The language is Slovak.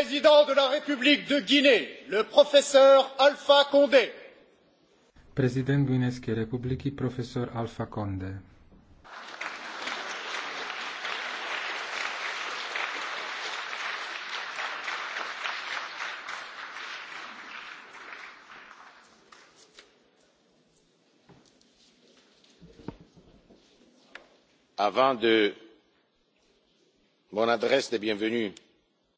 président de la République de Guinée, le professeur Alpha Condé. Prezident Guinejskej republiky, profesor Alpha Condé. Avant de mon adresse de bienvenue